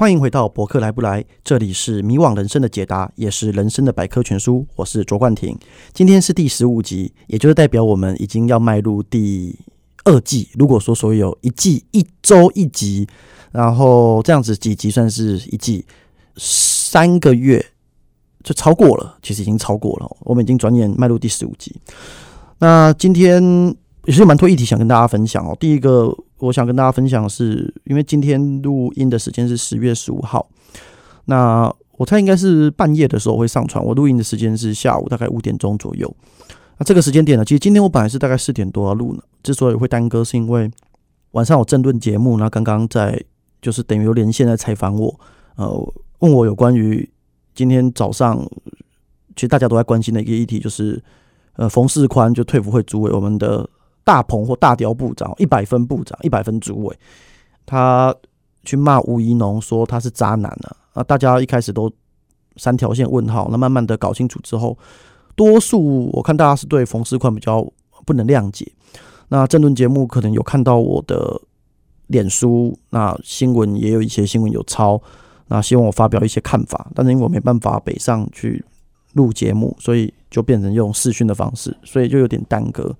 歡迎回到柏克萊不來，這裡是迷惘人生的解答，也是人生的百科全書。我是卓冠廷，今天是第十五集，也就是代表我們已經要邁入第二季。如果說所有一季一周一集，然後這樣子幾集算是一季，三個月就超過了，其實已經超過了。我們已經轉眼邁入第十五集。那今天也是蠻多議題想跟大家分享哦。第一個。我想跟大家分享的是，因為今天錄音的時間是十月十五號，那我猜應該是半夜的時候會上傳。我錄音的時間是下午大概五點鐘左右。那這個時間點呢，其實今天我本來是大概四點多要錄呢，之所以會耽擱，是因為晚上我政論節目。那剛剛在就是等於連線在採訪我，呃，問我有關於今天早上其實大家都在關心的一個議題，就是呃，馮世寬就退輔會主委，我們的。大鵬或大雕部長，一百分部長，一百分主委，他去罵吳怡農說他是渣男啊。啊，大家一開始都三條線問號，那慢慢的搞清楚之後，多數我看大家是對馮世寬比較不能諒解。那政論節目可能有看到我的臉書，那新聞也有一些新聞有抄，那希望我發表一些看法，但是因為我沒辦法北上去錄節目，所以就變成用視訊的方式，所以就有點耽擱。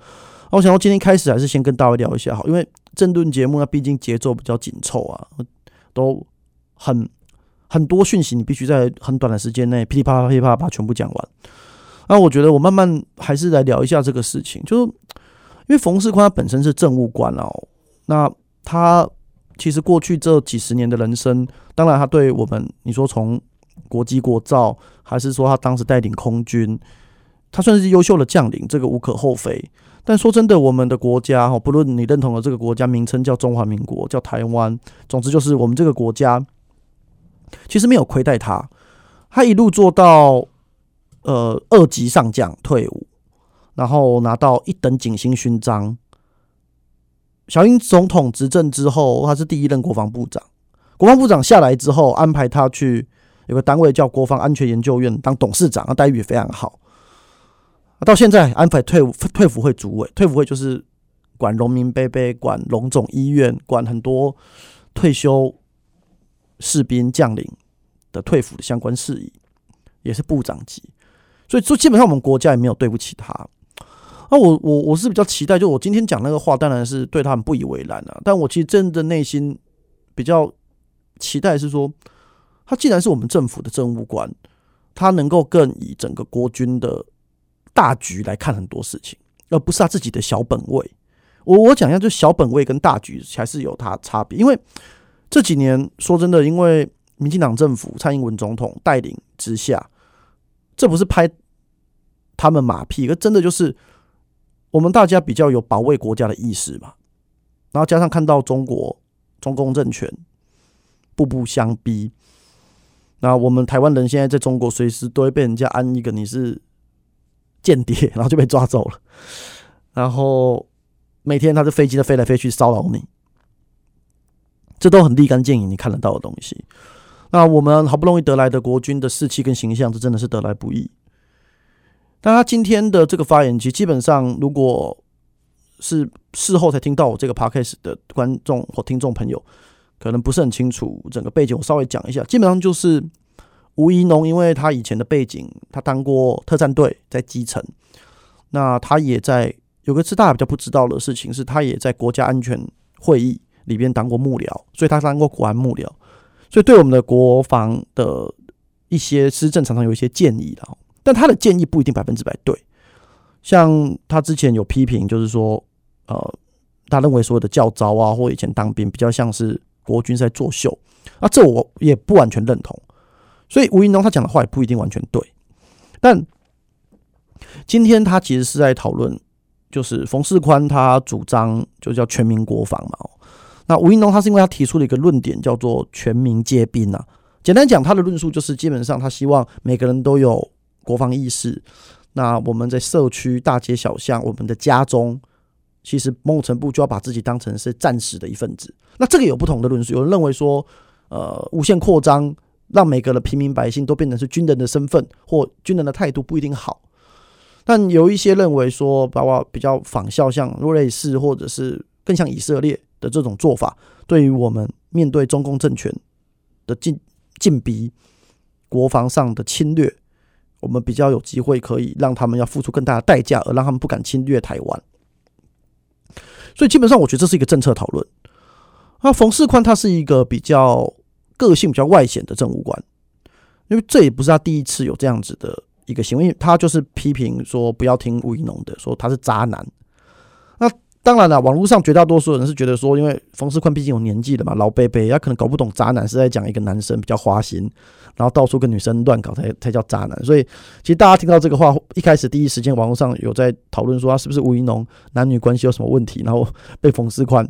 我想到今天開始還是先跟大衛聊一下好，因為政論節目，呢畢竟節奏比較緊湊啊，都很很多訊息，你必須在很短的時間內噼里啪啪噼里啪啪,啪全部講完。那我覺得我慢慢還是來聊一下這個事情，就是因為馮世寬他本身是政務官哦、喔，那他其實過去這幾十年的人生，當然他對我們你說從國機國造，還是說他當時帶領空軍，他算是優秀的將領，這個無可厚非。但說真的，我們的國家哈，不論你認同的這個國家名稱叫中華民國，叫台灣，總之就是我們這個國家，其實沒有虧待他。他一路做到呃二級上將退伍，然後拿到一等景星勳章。小英總統執政之後，他是第一任國防部長。國防部長下來之後，安排他去有個單位叫國防安全研究院當董事長，啊，待遇也非常好。到現在，安排退、退輔會主委，退輔會就是管榮民伯伯，管榮總醫院、管很多退休士兵將領的退伍的相關事宜，也是部長級，所以說基本上我們國家也沒有對不起他。那、啊、我我我是比較期待，就我今天講那個話，當然是對他很不以為然了、啊。但我其實真的內心比較期待是說，他既然是我們政府的政務官，他能夠更以整個國軍的。大局來看很多事情，而不是他自己的小本位。我我講一下，就小本位跟大局還是有它差別。因為這幾年說真的，因為民進黨政府蔡英文總統帶領之下，這不是拍他們馬屁，而真的就是我們大家比較有保衛國家的意識嘛。然後加上看到中國中共政權步步相逼，那我們台灣人現在在中國隨時都會被人家安一個你是。間諜，然後就被抓走了。然後每天他的飛機都飛來飛去騷擾你，這都很立竿見影，你看得到的東西。那我們好不容易得來的國軍的士氣跟形象，這真的是得來不易。但他今天的這個發言，其實基本上如果是事後才聽到我這個 podcast 的觀眾或聽眾朋友，可能不是很清楚整個背景，我稍微講一下。基本上就是。吳一農，因為他以前的背景，他當過特戰隊，在基層。那他也在有個是大家比較不知道的事情是，他也在國家安全會議裡邊當過幕僚，所以他當過國安幕僚，所以對我們的國防的一些施政常常有一些建議的。但他的建議不一定百分之百對。像他之前有批評，就是說，呃，他認為所有的教召啊，或以前當兵比較像是國軍在作秀。啊，這我也不完全認同。所以吳英龍他講的話也不一定完全對，但今天他其實是在討論，就是馮世寬他主張就叫全民國防嘛。那吳英龍他是因為他提出了一個論點，叫做全民皆兵啊。簡單講，他的論述就是基本上他希望每個人都有國防意識。那我們在社區、大街小巷、我們的家中，其實某一部分就要把自己當成是戰時的一份子。那這個有不同的論述，有人認為說，呃，無限擴張。讓每個的平民百姓都變成是軍人的身份或軍人的態度不一定好，但有一些認為說，把我比較仿效，像瑞士或者是更像以色列的這種做法，對於我們面對中共政權的進進逼、國防上的侵略，我們比較有機會可以讓他們要付出更大的代價，而讓他們不敢侵略台灣。所以基本上，我覺得這是一個政策討論。那馮世寬他是一個比較。個性比較外顯的政務官，因為這也不是他第一次有這樣子的一個行為，因為他就是批評說不要聽吳怡農的，說他是渣男。那當然了、啊，網絡上絕大多數人是覺得說，因為馮世寬畢竟有年紀了嘛，老 baby，他可能搞不懂渣男是在講一個男生比較花心，然後到處跟女生亂搞才才叫渣男。所以其實大家聽到這個話，一開始第一時間網絡上有在討論說他是不是吳怡農男女關係有什麼問題，然後被馮世寬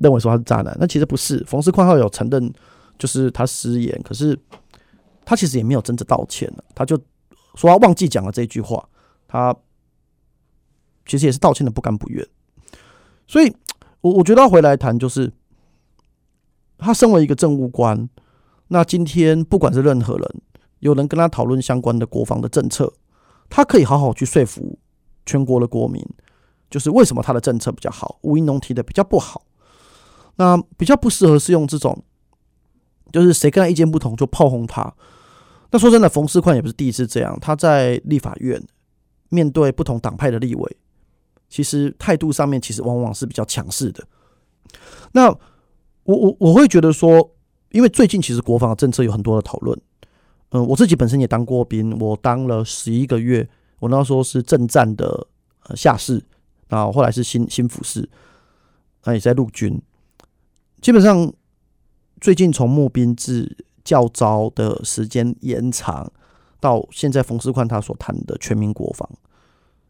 認為說他是渣男，那其實不是，馮世寬還有，有承認。就是他失言，可是他其實也沒有真的道歉了。他就說他忘記講了這句話，他其實也是道歉的不甘不願。所以我我覺得要回來談就是，他身為一個政務官，那今天不管是任何人，有人跟他討論相關的國防的政策，他可以好好去說服全國的國民，就是為什麼他的政策比較好，吳怡農提的比較不好，那比較不適合是用這種。就是誰跟他意見不同，就炮轟他。那說真的，馮世寬也不是第一次這樣。他在立法院面對不同黨派的立委，其實態度上面其實往往是比較強勢的。那我我我會覺得說，因為最近其實國防的政策有很多的討論。嗯，我自己本身也當過兵，我當了十一個月，我那時候是政戰的下士，然後後來是心心輔士，那也在陸軍，基本上。最近從募兵制，教召的時間延長，到現在馮世寬他所談的全民國防，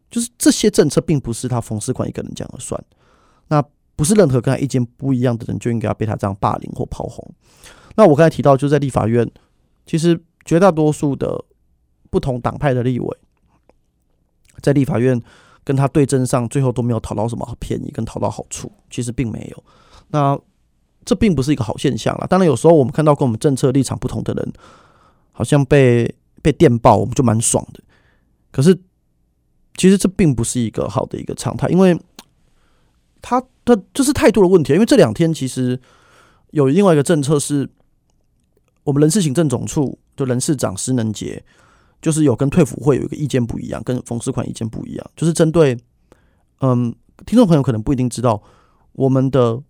就是這些政策並不是他馮世寬一個人講了算。那不是任何跟他意見不一樣的人就應該要被他這樣霸凌或炮轟。那我剛才提到，就在立法院，其實絕大多數的不同黨派的立委，在立法院跟他對陣上，最後都沒有討到什麼便宜跟討到好處，其實並沒有。那。這並不是一個好現象啦，當然，有時候我們看到跟我們政策立場不同的人，好像被被電爆，我們就蠻爽的。可是，其實這並不是一個好的一個常態，因為他的這是態度的問題。因為這兩天其實有另外一個政策是，我們人事行政總處就人事長施能杰，就是有跟退輔會有一個意見不一樣，跟馮世寬意見不一樣，就是針對嗯，聽眾朋友可能不一定知道我們的。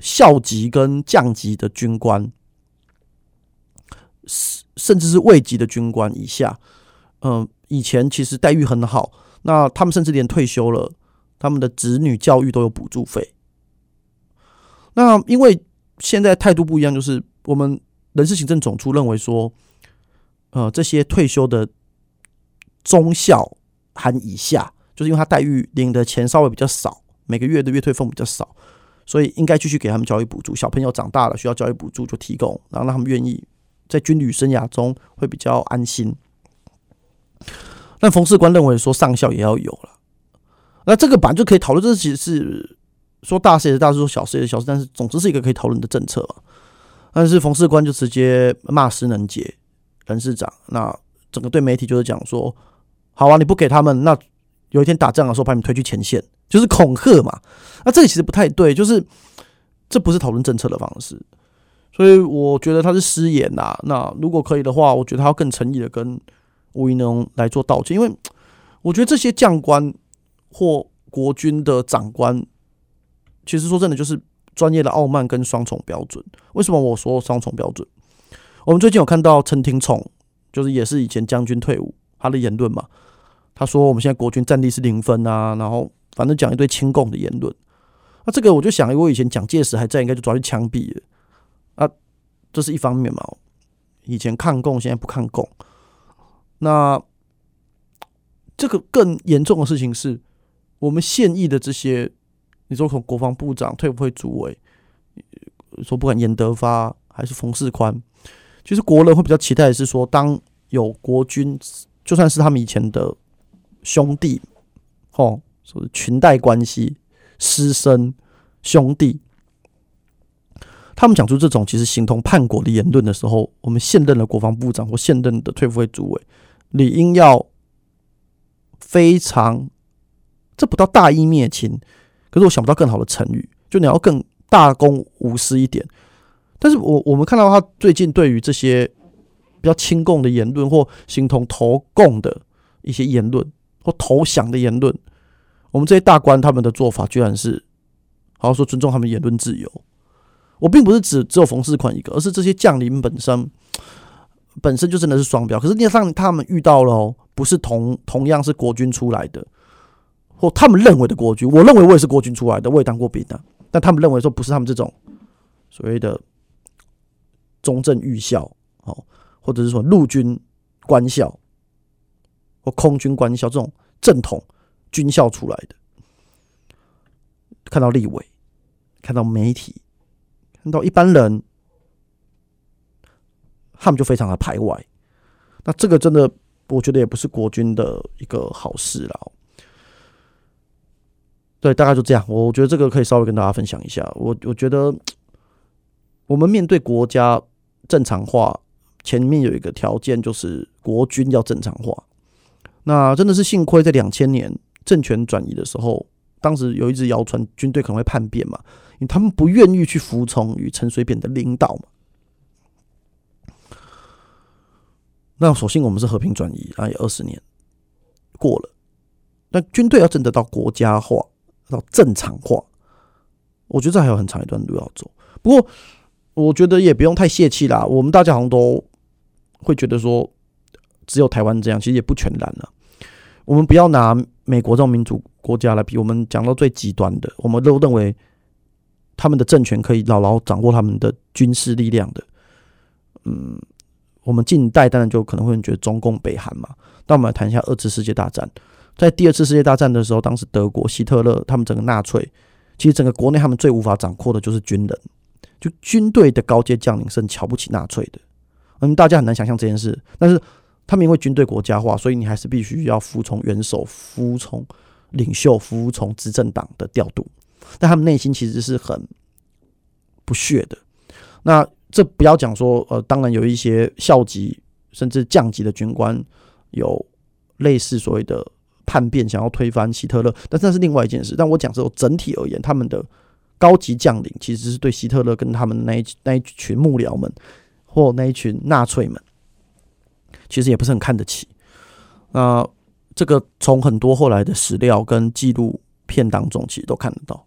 校級跟將級的軍官，甚至是尉級的軍官以下，嗯，以前其實待遇很好，那他們甚至連退休了，他們的子女教育都有補助費。那因為現在態度不一樣，就是我們人事行政總處認為說，呃、嗯，這些退休的中校含以下，就是因為他待遇領的錢稍微比較少，每個月的月退俸比較少。所以應該繼續給他們教育補助，小朋友長大了需要教育補助就提供，然後讓他們願意在軍旅生涯中會比較安心。那馮世寬認為說上校也要有了，那這個本來就可以討論，這是其實是說大事也是大事，說小事也是小事，但是總之是一個可以討論的政策。但是馮世寬就直接罵施能傑人事長，那整個對媒體就是講說，好啊，你不給他們，那有一天打仗的時候把你們推去前線。就是恐嚇嘛，那這個其實不太對，就是這不是討論政策的方式，所以我覺得他是失言吶啊。那如果可以的話，我覺得他要更誠意的跟吳怡農來做道歉，因為我覺得這些將官或國軍的長官，其實說真的就是專業的傲慢跟雙重標準。為什麼我說雙重標準？我們最近有看到陳廷寵，就是也是以前將軍退伍他的言論嘛，他說我們現在國軍戰力是零分啊，然後。反正講一堆親共的言論，那、啊、這個我就想，如果我以前蔣介石還在，應該就抓去槍斃了啊。這是一方面嘛。以前抗共，現在不抗共。那這個更嚴重的事情是，我們現役的這些，你說從國防部長退不退主委，說不管嚴德發還是馮世寬，其實國人會比較期待的是說，當有國軍，就算是他們以前的兄弟，吼。就是裙帶關係、師生、兄弟，他們講出這種其實形同叛國的言論的時候，我們現任的國防部長或現任的退輔會主委，理應要非常這不到大義滅親，可是我想不到更好的成語，就你要更大公無私一點。但是我我們看到他最近對於這些比較親共的言論，或形同投共的一些言論，或投降的言論。我們這些大官，他們的做法居然是好像說尊重他們言論自由。我並不是指只有馮世寬一個，而是這些將領本身本身就真的是雙標。可是你讓他們遇到了，不是同同樣是國軍出來的，或他們認為的國軍，我認為我也是國軍出來的，我也當過兵的、啊，但他們認為說不是他們這種所謂的中正預校哦，或者是說陸軍官校或空軍官校這種正統。軍校出來的，看到立委，看到媒體，看到一般人，他們就非常的排外。那這個真的，我覺得也不是國軍的一個好事啦。對，大概就這樣。我覺得這個可以稍微跟大家分享一下。我我覺得，我們面對國家正常化，前面有一個條件，就是國軍要正常化。那真的是幸虧在兩千年。政權轉移的時候，當時有一只謠傳，軍隊可能會叛變嘛？因為他們不願意去服從於陳水扁的領導嘛。那所幸我們是和平轉移，然後也二十年過了。但軍隊要真得到國家化、到正常化，我覺得這還有很長一段路要走。不過，我覺得也不用太泄氣啦。我們大家好像都會覺得說，只有台灣這樣，其實也不全然了。我們不要拿。美國這種民主國家來比，我們講到最極端的，我們都認為他們的政權可以牢牢掌握他們的軍事力量的。嗯，我們近代當然就可能會覺得中共、北韓嘛。那我們來談一下二次世界大戰，在第二次世界大戰的時候，當時德國希特勒他們整個納粹，其實整個國內他們最無法掌握的就是軍人，就軍隊的高階將領是很瞧不起納粹的。嗯，大家很難想象這件事，但是。他們因為軍隊國家化，所以你還是必須要服從元首、服從領袖、服從執政黨的調度。但他們內心其實是很不屑的。那這不要講說，呃，當然有一些校級甚至將級的軍官有類似所謂的叛變，想要推翻希特勒，但是那是另外一件事。但我講這個整體而言，他們的高級將領其實是對希特勒跟他們那一那一群幕僚們或那一群納粹們。其實也不是很看得起，那這個從很多後來的史料跟紀錄片當中，其實都看得到。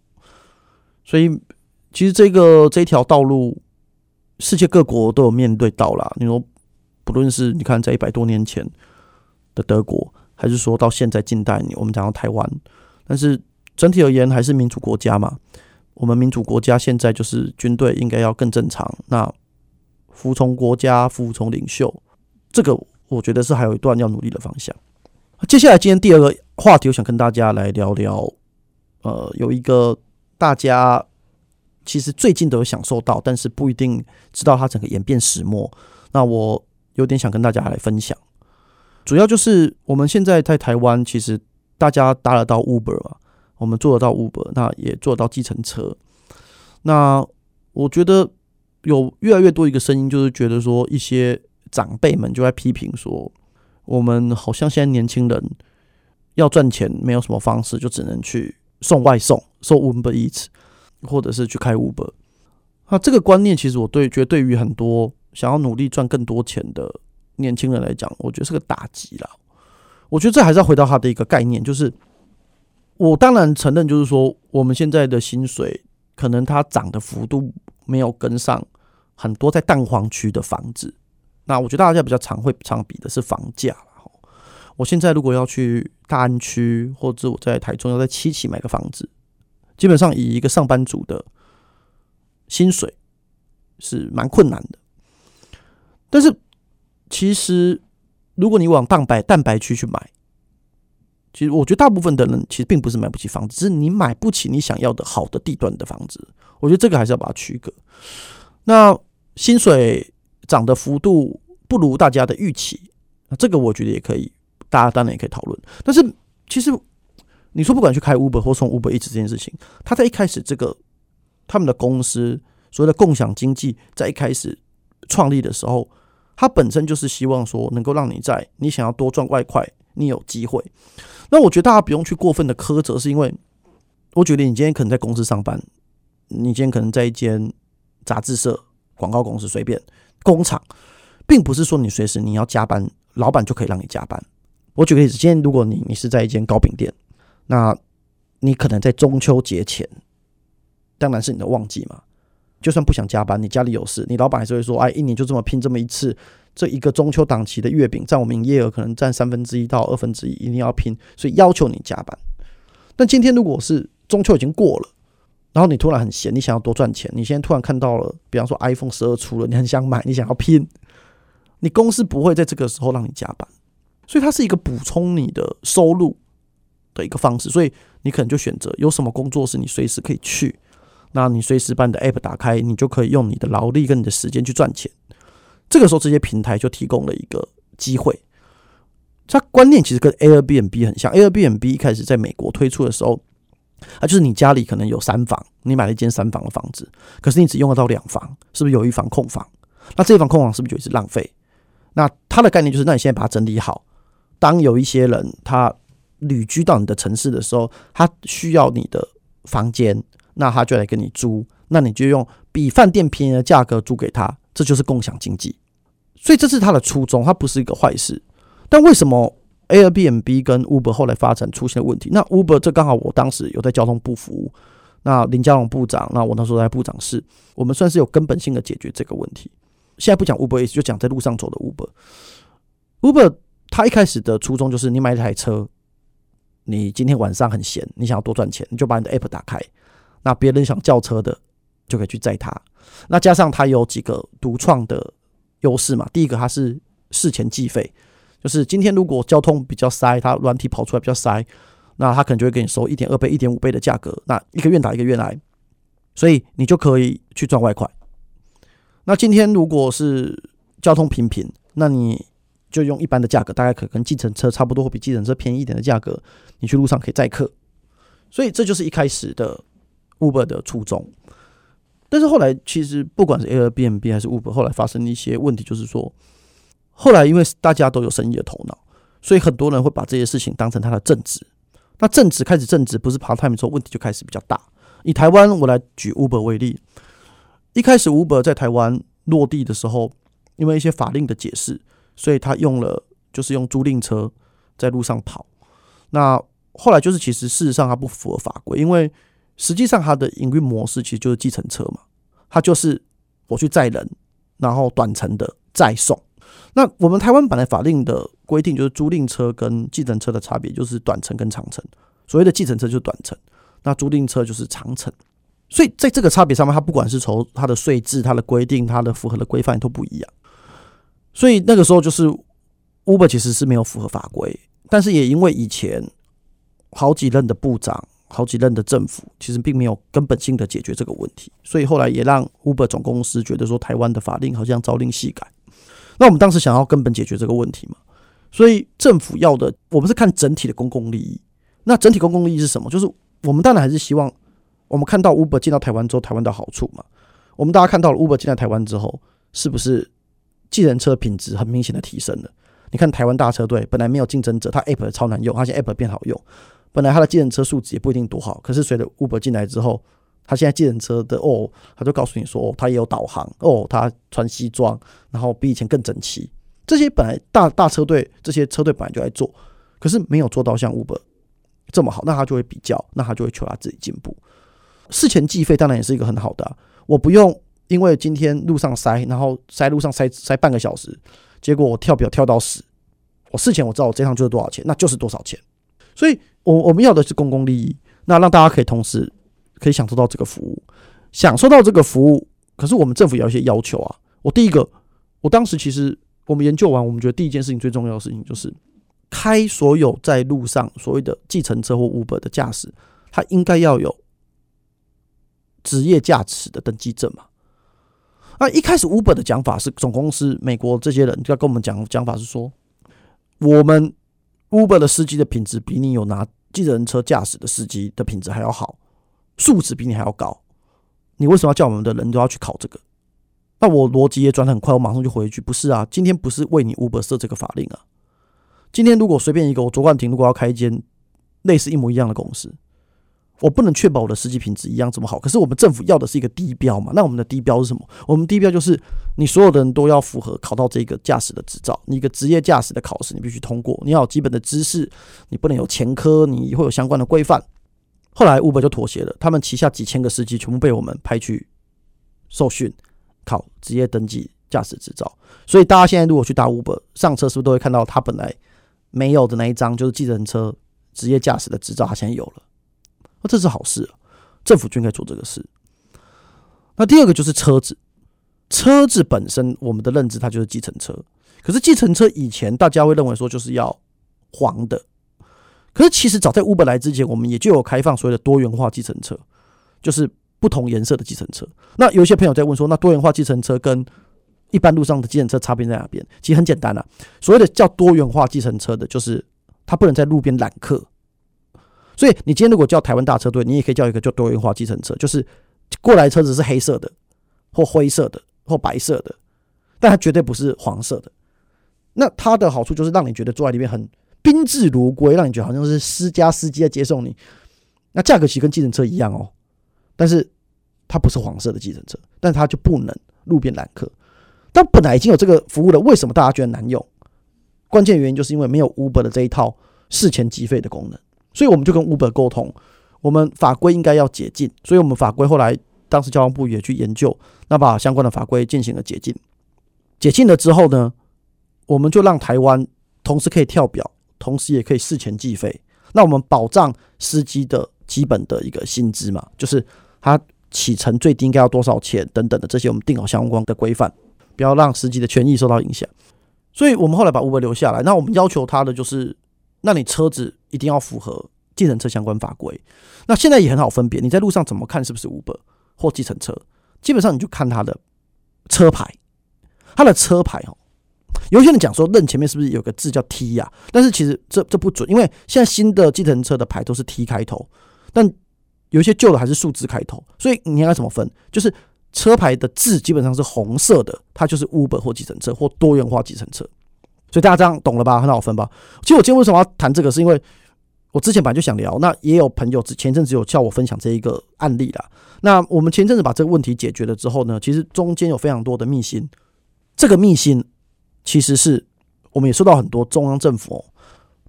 所以其實這個這條道路，世界各國都有面對到啦。你說，不論是你看在一百多年前的德國，還是說到現在近代，我們講到台灣，但是整體而言還是民主國家嘛。我們民主國家現在就是軍隊應該要更正常，那服從國家，服從領袖。這個我覺得是還有一段要努力的方向。啊、接下來今天第二個話題，我想跟大家來聊聊。呃，有一個大家其實最近都有享受到，但是不一定知道它整個演變始末。那我有點想跟大家來分享，主要就是我們現在在台灣，其實大家搭得到 Uber 啊，我們坐得到 Uber，那也坐得到計程車。那我覺得有越來越多一個聲音，就是覺得說一些。長輩們就在批評說：“我們好像現在年輕人要賺錢，沒有什麼方式，就只能去送外送、送 Uber Eats，或者是去開 Uber。那、啊、這個觀念，其實我對覺得對於很多想要努力賺更多錢的年輕人來講，我覺得是個打擊了。我覺得這還是要回到他的一個概念，就是我當然承認，就是說我們現在的薪水可能它漲的幅度沒有跟上很多在蛋黃區的房子。”那我覺得大家比較常會常比的是房價。我現在如果要去大安區，或者我在台中要在七期買個房子，基本上以一個上班族的薪水是蠻困難的。但是，其實如果你往蛋白蛋白區去買，其實我覺得大部分的人其實並不是買不起房子，只是你買不起你想要的好的地段的房子。我覺得這個還是要把它區隔。那薪水。漲的幅度不如大家的預期，那這個我覺得也可以，大家當然也可以討論。但是其實你說不管去開 Uber 或從 Uber 離職這件事情，他在一開始這個他們的公司所謂的共享經濟，在一開始創立的時候，他本身就是希望說能夠讓你在你想要多賺外快，你有機會。那我覺得大家不用去過分的苛責，是因為我覺得你今天可能在公司上班，你今天可能在一間雜誌社。廣告公司隨便，工廠，並不是說你隨時你要加班，老闆就可以讓你加班。我舉個例子，今天如果你你是在一間糕餅店，那你可能在中秋節前，當然是你的旺季嘛。就算不想加班，你家裡有事，你老闆還是會說，哎，一年就這麼拼這麼一次，這一個中秋檔期的月餅佔我們營業額可能佔三分之一到二分之一，一定要拼，所以要求你加班。但今天如果是中秋已經過了。然後你突然很閒，你想要多賺錢，你現在突然看到了，比方說 iPhone 十二出了，你很想買，你想要拼，你公司不會在這個時候讓你加班，所以它是一個補充你的收入的一個方式。所以你可能就選擇有什麼工作是你隨時可以去，那你隨時把你的 App 打開，你就可以用你的勞力跟你的時間去賺錢。這個時候，這些平台就提供了一個機會。它觀念其實跟 Airbnb 很像，Airbnb 一開始在美國推出的時候。啊，就是你家裡可能有三房，你買了一間三房的房子，可是你只用得到兩房，是不是有一房空房？那這一房空房是不是就是浪費？那它的概念就是，那你現在把它整理好。當有一些人他旅居到你的城市的時候，他需要你的房間，那他就來跟你租，那你就用比飯店便宜的價格租給他，這就是共享經濟。所以這是他的初衷，他不是一個壞事。但為什麼？Airbnb 跟 Uber 後來發展出現的問題，那 Uber 這剛好我當時有在交通部服務，那林佳龍部長，那我那時候在部長室，我們算是有根本性的解決這個問題。現在不講 Uber Eats，就講在路上走的 Uber。Uber 它一開始的初衷就是，你買一台車，你今天晚上很閒，你想要多賺錢，你就把你的 App 打開，那別人想叫車的就可以去載他。那加上他有幾個獨創的優勢嘛，第一個它是事前計費。就是今天，如果交通比較塞，它軟體跑出來比較塞，那它可能就會給你收一點二倍、一點五倍的價格。那一個願打，一個願挨，所以你就可以去賺外快。那今天如果是交通平平，那你就用一般的價格，大概可跟計程車差不多，或比計程車便宜一點的價格，你去路上可以載客。所以這就是一開始的 Uber 的初衷。但是後來，其實不管是 Airbnb 還是 Uber，後來發生一些問題，就是說。後來，因為大家都有生意的頭腦，所以很多人會把這些事情當成他的正職。那正職開始正職，不是 part time 的時候，問題就開始比較大。以台灣我來舉 Uber 為例，一開始 Uber 在台灣落地的時候，因為一些法令的解釋，所以他用了就是用租賃車在路上跑。那後來就是其實事實上它不符合法規，因為實際上它的營運模式其實就是計程車嘛，它就是我去載人，然後短程的載送。那我們台灣本來法令的規定就是租賃車跟計程車的差別就是短程跟長程，所謂的計程車就是短程，那租賃車就是長程，所以在這個差別上面，它不管是從它的稅制、它的規定、它的符合的規範都不一樣。所以那個時候就是 Uber 其實是沒有符合法規，但是也因為以前好幾任的部長、好幾任的政府其實並沒有根本性的解決這個問題，所以後來也讓 Uber 總公司覺得說台灣的法令好像朝令夕改。那我們當時想要根本解決這個問題嘛？所以政府要的，我們是看整體的公共利益。那整體公共利益是什麼？就是我們當然還是希望我們看到 Uber 進到台灣之後，台灣的好處嘛。我們大家看到了 Uber 進來台灣之後，是不是計程車品質很明顯的提升了？你看台灣大車隊本來沒有競爭者，它 App 超難用，而且 App 變好用。本來它的計程車數值也不一定多好，可是隨着 Uber 進來之後。他現在計程車的哦，他就告訴你說，哦，他也有導航哦，他穿西裝，然後比以前更整齊。這些本來大大車隊，這些車隊本來就來做，可是沒有做到像 Uber 這麼好，那他就會比較，那他就會求他自己進步。事前計費當然也是一個很好的，啊，我不用因為今天路上塞，然後塞路上塞塞半個小時，結果我跳表跳到死。我事前我知道我這趟就是多少錢，那就是多少錢。所以，我我們要的是公共利益，那讓大家可以同時可以享受到這個服務，享受到這個服務。可是我們政府有一些要求啊。我第一個，我當時其實我們研究完，我們覺得第一件事情最重要的事情就是，開所有在路上所謂的計程車或 Uber 的駕駛，他應該要有職業駕駛的登記證嘛。啊，一開始 Uber 的講法是，總公司美國這些人就要跟我們講，講法是說，我們 Uber 的司機的品質比你有拿計程車駕駛的司機的品質還要好。素質比你還要高，你為什麼要叫我們的人都要去考這個？那我邏輯也轉的很快，我馬上就回去。不是啊，今天不是為你烏 b 設這個法令啊。今天如果隨便一個我卓冠廷如果要開一間類似一模一樣的公司，我不能確保我的實際品質一樣這麼好。可是我們政府要的是一個地標嘛？那我們的地標是什麼？我們地標就是你所有的人都要符合考到這個駕駛的執照，你一個職業駕駛的考試你必須通過。你要有基本的知識，你不能有前科，你會有相關的規範。後來 Uber 就妥協了，他們旗下幾千個司機全部被我們派去受訓、考職業登記、駕駛執照。所以大家現在如果去打 Uber 上車，是不是都會看到他本來沒有的那一張，就是計程車職業駕駛的執照，他現在有了。那這是好事啊，政府就應該做這個事。那第二個就是車子，車子本身我們的認知它就是計程車，可是計程車以前大家會認為說就是要黃的。可是其實早在 Uber 來之前，我們也就有開放所謂的多元化計程車，就是不同顏色的計程車。那有些朋友在問說，那多元化計程車跟一般路上的計程車差別在哪邊？其實很簡單啊，所謂的叫多元化計程車的，就是它不能在路邊攬客。所以你今天如果叫台灣大車隊，你也可以叫一個叫多元化計程車，就是過來車子是黑色的，或灰色的，或白色的，但它絕對不是黃色的。那它的好處就是讓你覺得坐在裡面很賓至如歸，讓你覺得好像是私家司機在接送你。那價格其實跟計程車一樣哦，但是它不是黃色的計程車，但它就不能路邊攬客。但本來已經有這個服務了，為什麼大家覺得難用？關鍵原因就是因為沒有 Uber 的這一套事前計費的功能。所以我們就跟 Uber 溝通，我們法規應該要解禁。所以我們法規後來，當時交通部也去研究，那把相關的法規進行了解禁。解禁了之後呢，我們就讓台灣同時可以跳表。同時也可以事前計費，那我們保障司機的基本的一個薪資嘛，就是他起程最低應該要多少錢等等的這些，我們定好相關的規範，不要讓司機的權益受到影響。所以我們後來把 Uber 留下來，那我們要求他的就是，那你車子一定要符合計程車相關法規。那現在也很好分別，你在路上怎麼看是不是 Uber 或計程車？基本上你就看他的車牌，他的車牌哦。有些人講說“認”前面是不是有個字叫 “T” 呀？但是其實這這不準，因為現在新的計程車的牌都是 “T” 開頭，但有一些舊的還是數字開頭。所以你應該怎麼分？就是車牌的字基本上是紅色的，它就是 Uber 或計程車或多元化計程車。所以大家這樣懂了吧？很好分吧？其實我今天為什麼要談這個？是因為我之前本來就想聊，那也有朋友前陣子有叫我分享這一個案例了。那我們前陣子把這個問題解決了之後呢，其實中間有非常多的祕辛，這個祕辛其實是，我們也收到很多中央政府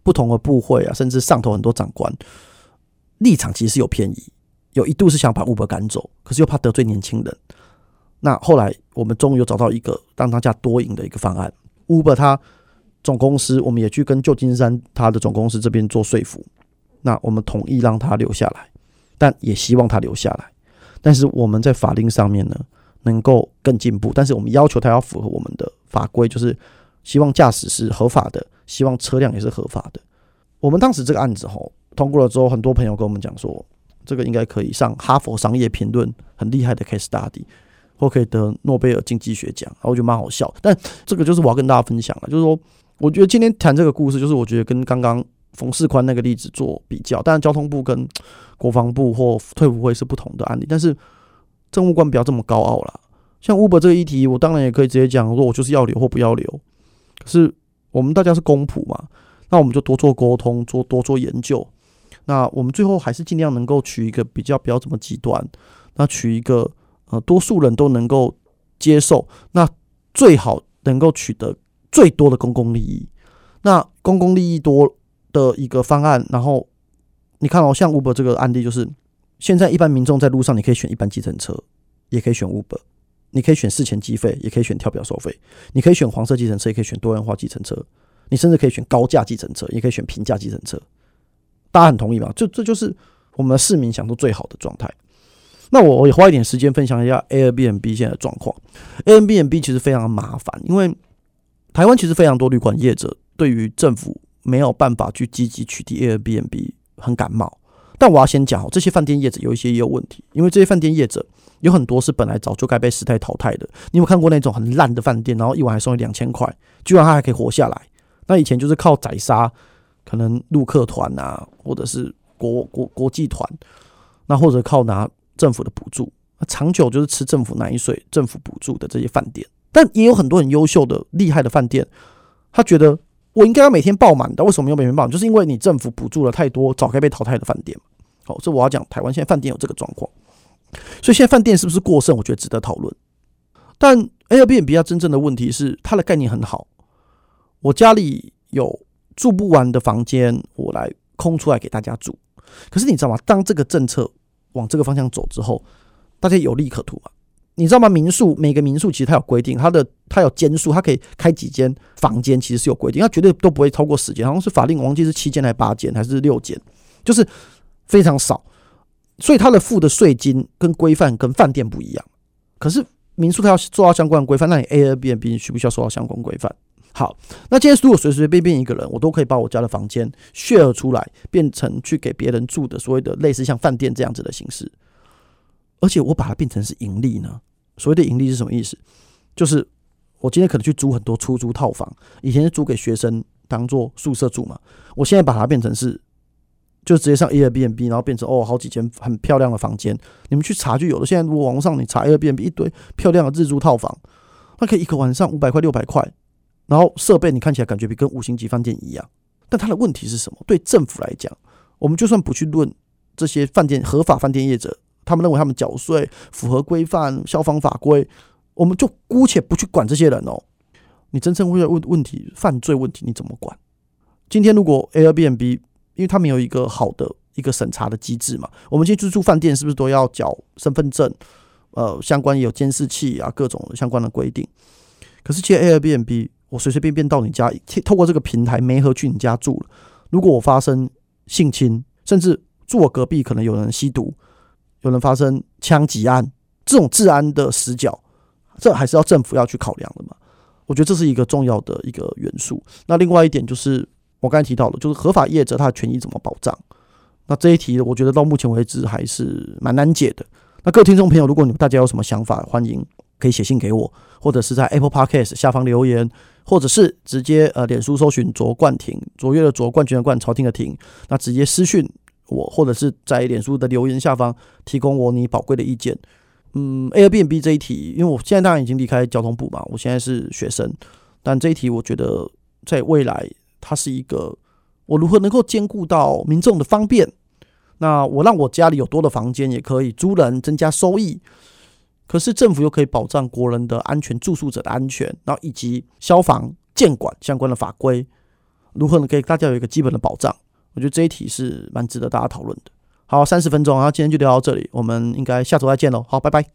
不同的部會啊，甚至上頭很多長官立場，其實是有偏移，有一度是想把 Uber 趕走，可是又怕得罪年輕人。那後來我們終於有找到一個讓大家多贏的一個方案。Uber 他總公司，我們也去跟舊金山他的總公司這邊做說服，那我們同意讓他留下來，但也希望他留下來。但是我們在法令上面呢，能夠更進步，但是我們要求它要符合我們的法規，就是希望駕駛是合法的，希望車輛也是合法的。我們當時這個案子吼通過了之後，很多朋友跟我們講說，這個應該可以上哈佛商業評論很厲害的 case study，或可以得諾貝爾經濟學獎，然後我覺得蠻好笑。但這個就是我要跟大家分享了，就是說，我覺得今天談這個故事，就是我覺得跟剛剛馮世寬那個例子做比較，當然交通部跟國防部或退輔會是不同的案例，但是。政務官不要這麼高傲啦。像 Uber 這個議題，我當然也可以直接講，說我就是要留或不要留。可是我們大家是公僕嘛，那我們就多做溝通，做多做研究。那我們最後還是盡量能夠取一個比較不要這麼極端，那取一個呃多數人都能夠接受，那最好能夠取得最多的公共利益。那公共利益多的一個方案，然後你看哦，像 Uber 這個案例就是。現在一般民眾在路上，你可以選一般計程車，也可以選 Uber，你可以選事前計費，也可以選跳表收費，你可以選黃色計程車，也可以選多元化計程車，你甚至可以選高價計程車，也可以選平價計程車。大家很同意吧？就這就是我們的市民享受最好的狀態。那我也花一點時間分享一下 Airbnb 現在的狀況。Airbnb 其實非常的麻煩，因為台灣其實非常多旅館業者對於政府沒有辦法去積極取締 Airbnb 很感冒。但我要先講哦，這些飯店業者有一些也有問題，因為這些飯店業者有很多是本來早就該被時代淘汰的。你有，有看過那種很爛的飯店，然後一晚還收你兩千塊，居然他還可以活下來？那以前就是靠宰殺，可能陸客團啊，或者是國國國際團，那或者靠拿政府的補助，那長久就是吃政府奶水、稅、政府補助的這些飯店。但也有很多很優秀的、厲害的飯店，他覺得。我應該要每天爆滿的，為什麼沒有每天爆滿？就是因為你政府補助了太多，早該被淘汰的飯店。好，這我要講，台灣現在飯店有這個狀況，所以現在飯店是不是過剩？我覺得值得討論。但 Airbnb 比較真正的問題是，它的概念很好，我家裡有住不完的房間，我來空出來給大家住。可是你知道嗎？當這個政策往這個方向走之後，大家有利可圖啊。你知道嗎？民宿每個民宿其實它有規定，它的它有間數，它可以開幾間房間，其實是有規定，它絕對都不會超過十間，好像是法定，我忘記是七間還是八間還是六間，就是非常少，所以它的付的稅金跟規範跟飯店不一樣。可是民宿它要做到相關規範，那你 Airbnb，你需不需要做到相關規範？好，那今天如果隨隨便便一個人，我都可以把我家的房間 share 出來，變成去給別人住的，所謂的類似像飯店這樣子的形式。而且我把它變成是盈利呢？所謂的盈利是什麼意思？就是我今天可能去租很多出租套房，以前是租給學生當做宿舍住嘛。我現在把它變成是，就直接上 Airbnb，然後變成哦，好幾間很漂亮的房間。你們去查就有了。現在如果網上你查 Airbnb，一堆漂亮的日租套房，那可以一個晚上五百塊、六百塊，然後設備你看起來感覺比跟五星級飯店一樣。但它的問題是什麼？對政府來講，我們就算不去論這些飯店，合法飯店業者。他們認為他們繳稅，符合規範消防法規，我們就姑且不去管這些人哦、喔。你真正為了問問題犯罪問題你怎麼管？今天如果 Airbnb，因為他們有一個好的一個審查的機制嘛，我們今天去住飯店是不是都要繳身份證？呃，相關有監視器啊，各種相關的規定。可是其實 Airbnb，我隨隨便便到你家，透過這個平台沒和去你家住了，如果我發生性侵，甚至住我隔壁可能有人吸毒。可能發生槍擊案，這種治安的死角，這還是要政府要去考量的嘛？我覺得這是一個重要的一個元素。那另外一點就是我剛才提到了，就是合法業者他的權益怎麼保障？那這一題我覺得到目前為止還是蠻難解的。那各位聽眾朋友，如果你們大家有什麼想法，歡迎可以寫信給我，或者是在 Apple Podcast 下方留言，或者是直接呃，臉書搜尋卓冠廷，卓越的卓，冠軍的冠，朝廷的廷，那直接私訊。我或者是在臉書的留言下方提供我你寶貴的意見。嗯，Airbnb 這一題，因為我現在當然已經離開交通部嘛，我現在是學生，但這一題我覺得在未來它是一個我如何能夠兼顧到民眾的方便？那我讓我家裡有多的房間也可以租人增加收益，可是政府又可以保障國人的安全、住宿者的安全，然後以及消防建管相關的法規，如何能給大家有一個基本的保障？我覺得這一題是蠻值得大家討論的。好，三十分鐘，然後今天就聊到這裡，我們應該下周再見嘍。好，拜拜。